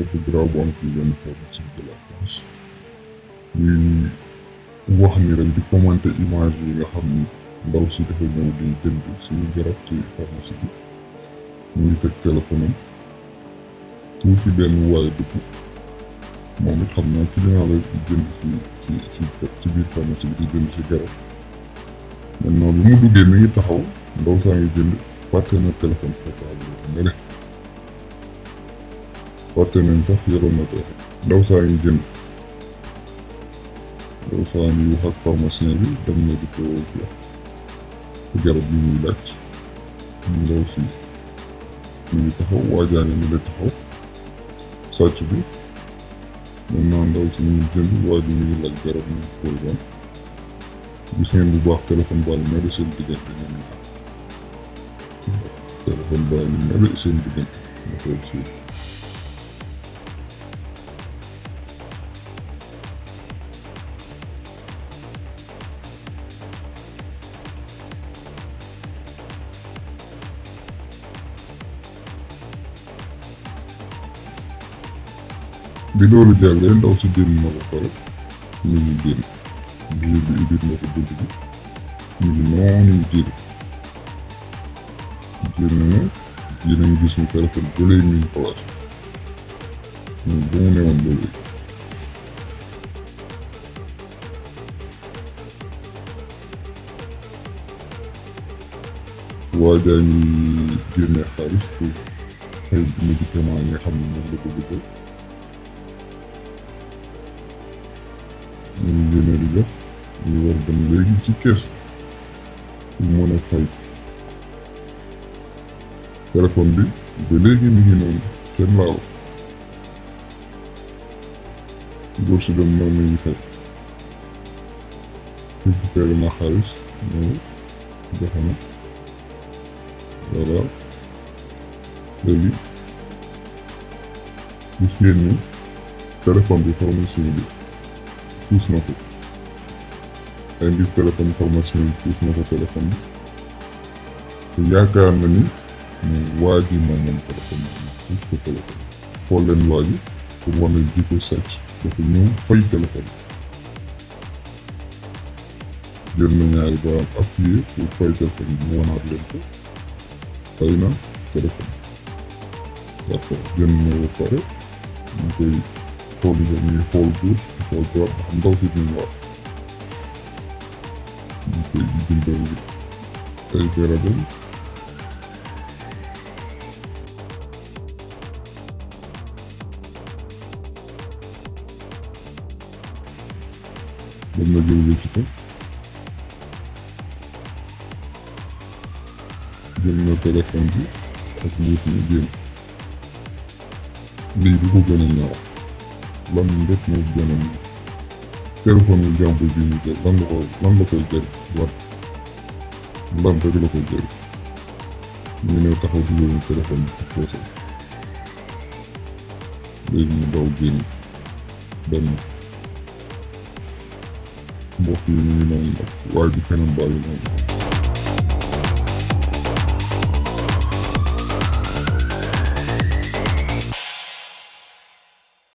dafa garaaw bu am kii yenn forme circulation ñuy wax ni rek di commenter image yi xam ni ndaw si dafa ñëw di jënd suñu garab ci pharmacie bi mu ngi teg téléphone am tuuti benn waaye dëkk moom xam naa client la di jënd ci ci ci ci biir di jënd si garab maintenant bi mu duggee mi ngi taxaw ndaw saa ngi jënd fàtte na téléphone portable nga ne Poate mensaje următor. Dau să ai din Dau să am eu hack farmaciei, dar nu de pe o Iar din lac. Nu dau și. Nu de tău, oaia nu de tău. Saci bi. Nu am dau și nu de nu oaia nu de lac, dar nu de pe o Gis ngeen bu baax téléphone bi seen bi seen ma koy suivre bi loolu jàllee ndaw si génn na ba pare ñu ngi génn biir bi ubbi na ko bunt bi ñu ngi noonu ñu génn génn na yéen a ngi gis ñu téléphone ba léegi ñu ngi ko wàcc ñun ba mu newoon ba léegi waa jaa ngi génne xaalis pour ay médicament yi nga xam ne moom la ko bëgg milionário e organizei cast monetize telephone bi ba léegi mi ngi noonu kenn laaw góor na xaalis ñëw joxe na voilà gis ngeen ni téléphone bi xaw na bi puus na ko ay mbir téléphone formation yi puus na ko téléphone te yaakaar na ni mu waa ji moom moom bi puus ko téléphone xool leen waa ji pour wane jikko sàcc dafa ñëw fay téléphone jël na ñaari baram appuyé pour fay téléphone mu wanaat leen ko na téléphone d'accord jënd na ba pare ñu koy solide mye fallgrupp i forhold til at andre bygninger måske i bygningen adfærder dem. Можно делать это. Идем на телефон, как будет не делать. Бейбуку гоним на вас. lan def mooy gënam téléphone yu jàmbur bi ñu jël lan la ko lan la koy jël war ndam rek la koy jël ñu ne taxaw di yónni téléphone bi poosé léegi ñu daw génn benn mbokk yi ñu ngi noonu nag waaye bi keneen bàyyi noonu